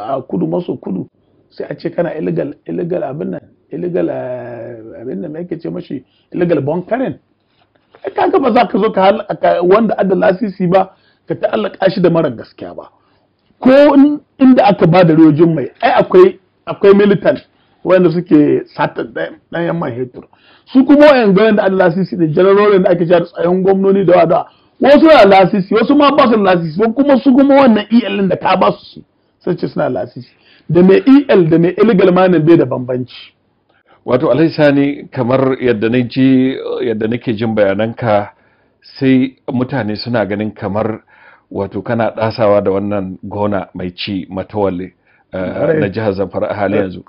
a kudu maso kudu sai a ce kana illegal illegal abin nan illegal eh, abin nan yake ce mashi illegal bunkering kaga ba za ka zo ka wanda adda lasisi ba ka ta'allaka shi da mara gaskiya ba ko inda aka ba da rojin mai ai akwai akwai militant wanda suke sata ɗayan man hetur su kuma wayan ganin da an lasisi da janarorin da ake da tsayon gwamnoni da wada wasu na lasisi wasu ma ba su lasisi kuma su kuma wannan el da ka ba su sai ce suna lasisi da mai el da mai illegal manin bai da bambanci wato alhaji sani kamar yadda na ji nake jin bayananka sai mutane suna ganin kamar wato kana dasawa da wannan gona mai ci matawalle Eh, na jihar Zamfara a halin eh, yanzu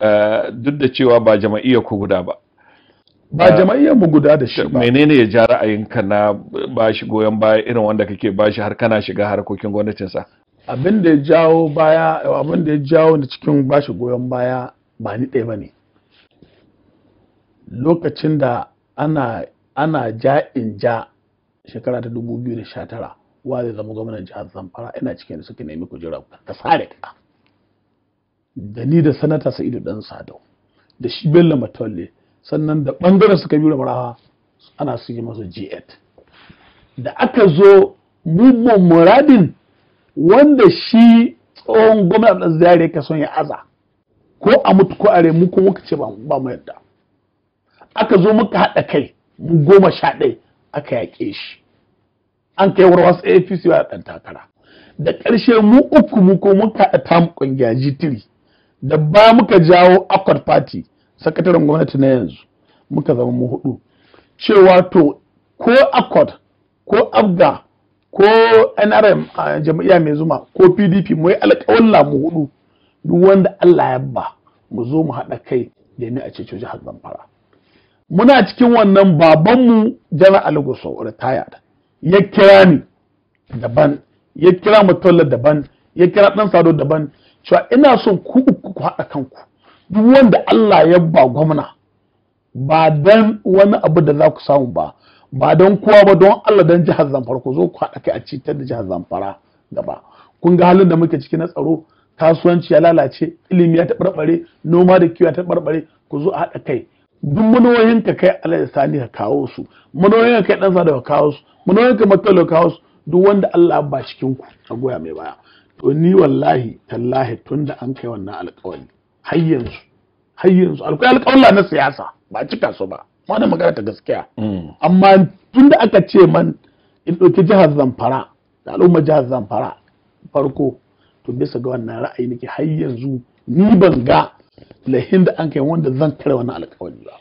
eh, duk da cewa ba jama'iyyar ku guda ba ba jama'iyyar mu guda da shi ba menene ya ja ka na ba shi goyon baya irin wanda kake ba shi har kana shiga harkokin sa abin da ya jawo baya abin da ya jawo ni cikin ba shi goyon baya ba ni ɗaya ba ne lokacin da ana ana ja in ja shekara ta 2019 wa zai zama gwamnan jihar zamfara ina cikin da suka nemi kujera ta sare ka da ni da sanata sa'idu dan sadau da shi bello matolle sannan da bangaren suka biyu maraha ana su yi masa jet da aka zo mummon muradin wanda shi tsohon gwamnati ɗan zare ka son ya aza ko a mutu ko a mu ko muka ce ba mu yadda aka zo muka haɗa kai mu goma sha ɗaya aka yaƙe shi an kai warwas apc ya ɗan takara da ƙarshe mu uku mu ko muka haɗa tam ƙungiya g da ba muka jawo accord party sakataren gwamnati na yanzu muka zama mu hudu cewa to ko accord ko abga ko nrm a jam'iyya mai zuma ko pdp mu yi alƙawalla mu hudu duk wanda allah ya ba mu zo mu haɗa kai ni a ceto jihar zamfara muna cikin wannan babanmu jana aligoso retired ya kira ni daban ya kira mutola daban ya kira ɗan sado daban cewa ina son ku uku ku haɗa kanku duk wanda Allah ya ba gwamna ba dan wani abu da za ku samu ba ba dan kowa ba don Allah dan jihar Zamfara ku zo ku haɗa kai a cikin da jihar Zamfara gaba kun ga halin da muke ciki na tsaro kasuwanci ya lalace ilimi ya taɓarɓare noma da kiwo ya taɓarɓare ku zo a haɗa kai duk manoyin ka kai ya sani ka kawo su manoyin ka kai dan sa da ka kawo su manoyin ka makalo ka kawo su duk wanda Allah ba cikin ku a goya mai baya to ni wallahi tallahi tun da an kai wannan alƙawari har yanzu har yanzu alƙawari na siyasa ba cika su ba wani magana ta gaskiya mm. amma tunda aka ce man in ɗauki jihar zamfara da al'ummar jihar zamfara farko to bisa ga wannan ra'ayi nake har yanzu ni ban ga lahin da an kai wanda zan kare wannan alƙawari ba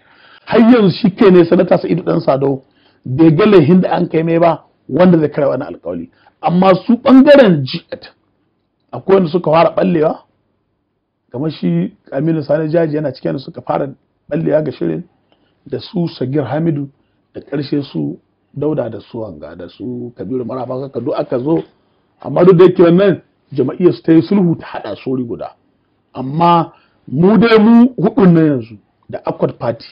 har yanzu shi kai ne sanata sa'idu dan sado bai ga lahin da an kai mai ba wanda zai kare wannan alƙawari amma su ɓangaren ji'at akwai wanda suka fara ɓallewa? kamar shi aminu sani jaji yana cikin da suka fara ɓallewa ga shirin da su sagir hamidu da ƙarshe su dauda da su wanga da su kabiru marafa kaka duk aka zo amma duk da yake wannan jama'iyyar su ta yi sulhu ta haɗa sori guda amma mu dai mu hudu na yanzu da akwat party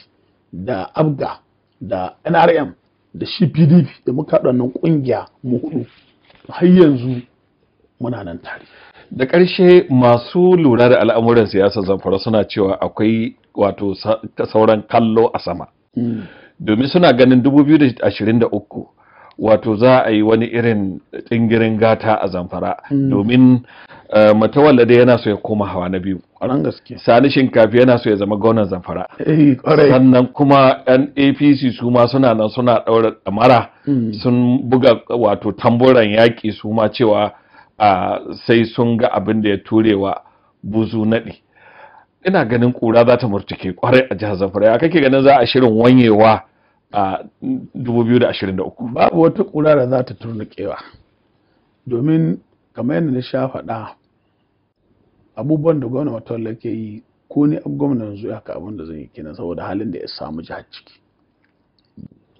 da abga da nrm da shi pdp da muka nan ƙungiya mu hudu har yanzu muna nan tare da ƙarshe masu lura da al'amuran siyasar zamfara suna cewa akwai wato sauran kallo a sama mm. domin suna ganin 2023 wato za a yi wani irin tsingirin gata a zamfara mm. domin eh, matawalla da yana so ya koma hawa na biyu sani shinkafi yana so ya zama gwamnan zamfara eh, sannan kuma yan apc su ma suna nan suna ɗaura ɗamara mm. sun buga wato tamburan yaƙi su ma cewa sai sun ga abin da ya turewa buzu naɗi ina ganin ƙura za ta murtuke kwarai a jihar zamfara ya kake ganin za a shirin wanyewa a 2023 babu wata ƙura da za ta turnukewa domin kamar yadda na sha faɗa abubuwan da gwamna matola ke yi ko ni gwamna yanzu ya ka abin da zan yi kenan saboda halin da ya samu jihar ciki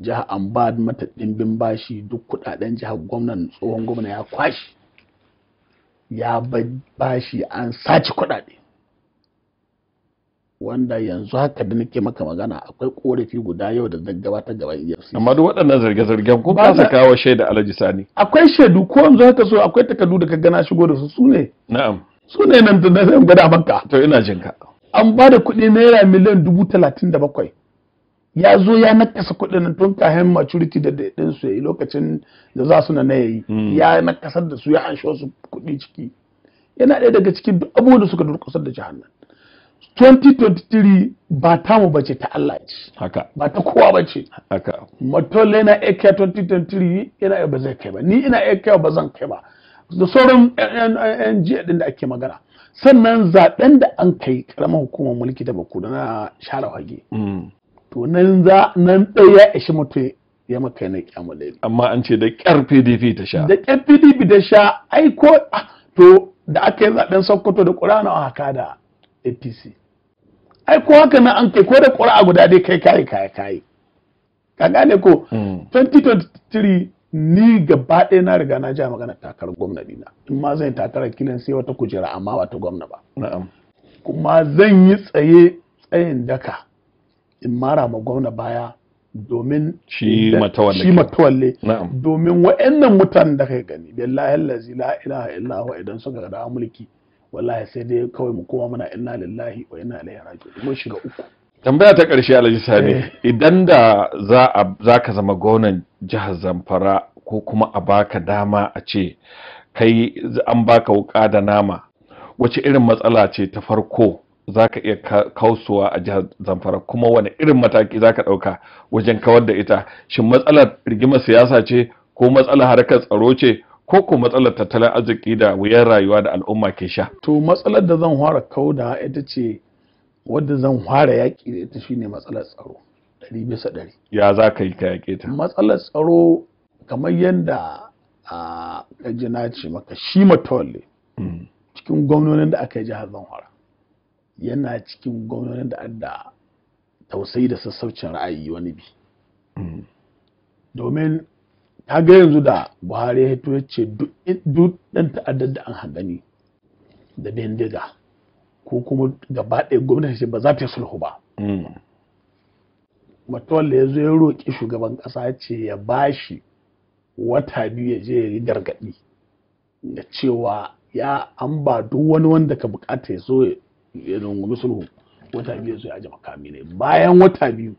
jihar an ba mata ɗimbin bashi duk kuɗaɗen jihar gwamnan tsohon gwamna ya kwashi ya bashi an sace kuɗaɗe wanda yanzu haka da nake maka magana akwai korafi guda yau da zan ta gaban EFCC amma duk waɗannan zarge-zargen ko ba sa kawo shaida Alhaji Sani akwai shaidu ko yanzu haka so akwai takardu da ka gana shigo da su sune na'am sune nan da zan gada maka to ina jin ka an ba da kuɗi naira miliyan dubu talatin da bakwai ya zo ya nakasa kuɗin tun kayan maturity da ɗin su yayi lokacin da za su na yayi hmm. ya nakasar da su ya ansho su kuɗi ciki yana ɗaya daga cikin duk abubuwan da suka durkusar da jihar nan 2023 ba ta mu bace ta Allah ce haka ba ta kowa bace haka matole na AK 2023 yana ba zai kai ba ni ina AK ba zan kai ba da sauran yan jiya din da ake magana sannan zaben da an kai karamar hukumar mulki ta Bakuda na share hage hmm. to nan za nan ɗaya ya ishi mutum ya maka na laifi. amma an ce da kyar pdp ta sha da kyar pdp ta sha ai ko ah, to da aka yi zaɓen sokoto da ƙura a haka da apc ai haka na an kai ko da ƙura guda dai kai kayi kayi kayi ka gane ko 2023 hmm. ni gaba ɗaya na riga na ja magana takarar gwamnati na in ma zan takarar kilin sai wata kujera amma wata gwamna ba kuma zan yi tsaye tsayin daka in mara ma gwamna baya domin shi matawalle domin wa'annan mutanen da kai gani billahi allazi la ilaha illa wa idan suka ga mulki wallahi sai dai kawai mu koma muna inna lillahi wa inna ilaihi raji'un mun shiga uku tambaya ta ƙarshe alhaji sani eh. idan da za ka zama gwamnan jihar zamfara ko kuma a baka dama a ce kai an baka wuka da nama wace irin matsala ce ta farko za ka iya kausowa a jihar zamfara kuma wani irin mataki za ka ɗauka wajen kawar da ita shin matsalar rigimar siyasa ce ko matsalar harkar tsaro ce ko ko matsalar tattalin arziki da wuyan rayuwa da al'umma ke sha to matsalar da zan fara kauda ita ce wadda zan fara yaƙi da ita shine matsalar tsaro ɗari bisa ɗari ya za ka yi ka yaƙe ta matsalar tsaro kamar yadda a ce maka shi matawalle hmm. cikin gwamnonin da aka yi jihar zamfara yana cikin gwamnati da adda tausayi da sassaucin ra'ayi wani bi mm. domin ta ga yanzu da buhari ya hito ya ce duk ɗan ta'addar da an hangani da bindiga ko kuma gaba ɗaya gwamnati ce ba za ta yi sulhu ba mutuwar mm. da ya zo ya roƙi shugaban ƙasa ce ya ba shi wata biyu ya je ya yi gargaɗi da cewa ya an ba duk wani wanda ka bukata ya zo misulhu wata biyu sai aje makami ne bayan wata biyu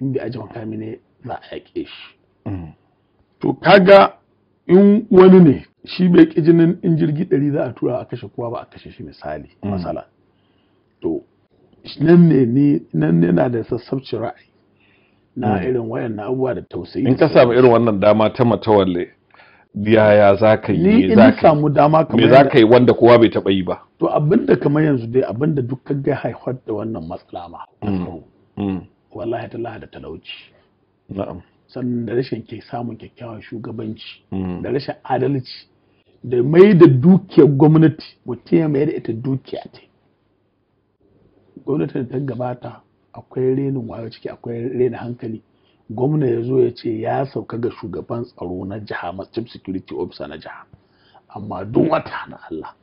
in bai aje makami ne za a yaƙe shi mm. to kaga in wani ne shi bai ƙi jinin in jirgi ɗari za a tura a kashe kowa ba a kashe shi misali mm. masala to nan ne ni nan ne na da sassabci ra'ayi na mm. irin wayan na abubuwa da tausayi in ka samu irin wannan dama ta matawalle yaya za ka yi za ka samu me za ka yi wanda kowa bai taba yi ba to abinda kamar yanzu dai abinda duk ka ga haifar da wannan matsala ma mm. Mm. wallahi ta da talauci sannan da rashin ke samun kyakkyawan shugabanci mm. da rashin adalci da mai da dukiyar gwamnati mutum ya mayar da ita dukiya ta gwamnatin ta gabata akwai renin wayo ciki akwai renin hankali gwamna ya zo ya ce ya sauka ga shugaban tsaro na jiha chief security officer na jiha amma duk wata na Allah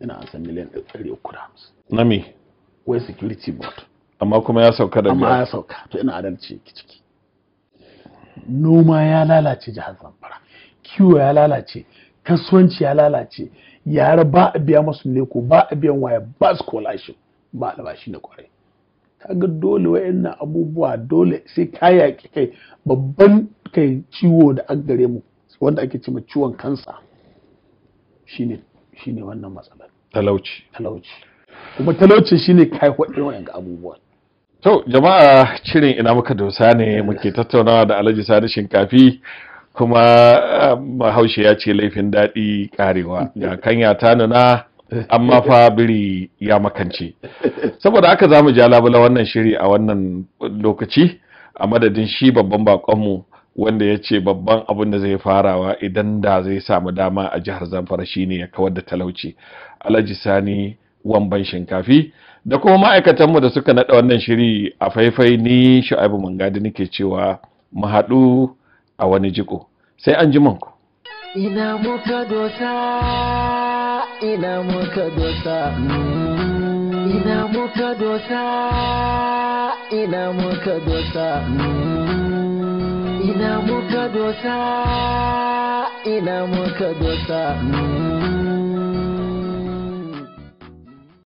yana an san miliyan ɗari uku da hamsin. Na me? Wai security board. Amma kuma ya sauka da Amma ya sauka to ina adalci ki ciki. Noma ya lalace jihar Zamfara, kiwo ya lalace, kasuwanci ya lalace, yara ba a biya masu leko ba a biyan waya ba scholarship ba albashi na kwarai. kaga dole wayannan abubuwa dole sai ka yaƙi kai babban kai ciwo da an gare mu wanda ake cewa ciwon kansa shine shine wannan matsalar talauci talauci kuma talauci shine kai waɗin wayan abubuwa to jama'a cirin ina muka dosa ne muke tattaunawa da Alhaji Sani Shinkafi kuma mahaushe ah, ya ce laifin daɗi karewa ya [laughs] kanya ta nuna amma fa biri ya makance saboda haka za mu ja labula wannan shiri a wannan lokaci a madadin shi babban bakonmu wanda ya ce babban abin da zai farawa idan da zai samu dama a jihar zamfara shine ya kawar da talauci alhaji sani wamban shinkafi da kuma ma'aikatanmu da suka naɗa wannan shiri a faifai ni shu'aibu mangadi nake cewa mu haɗu a wani jiko sai an ji ku. ina muka dosa ina muka dosa ina muka dosa ina muka dosa ina muka dosa ina muka dosa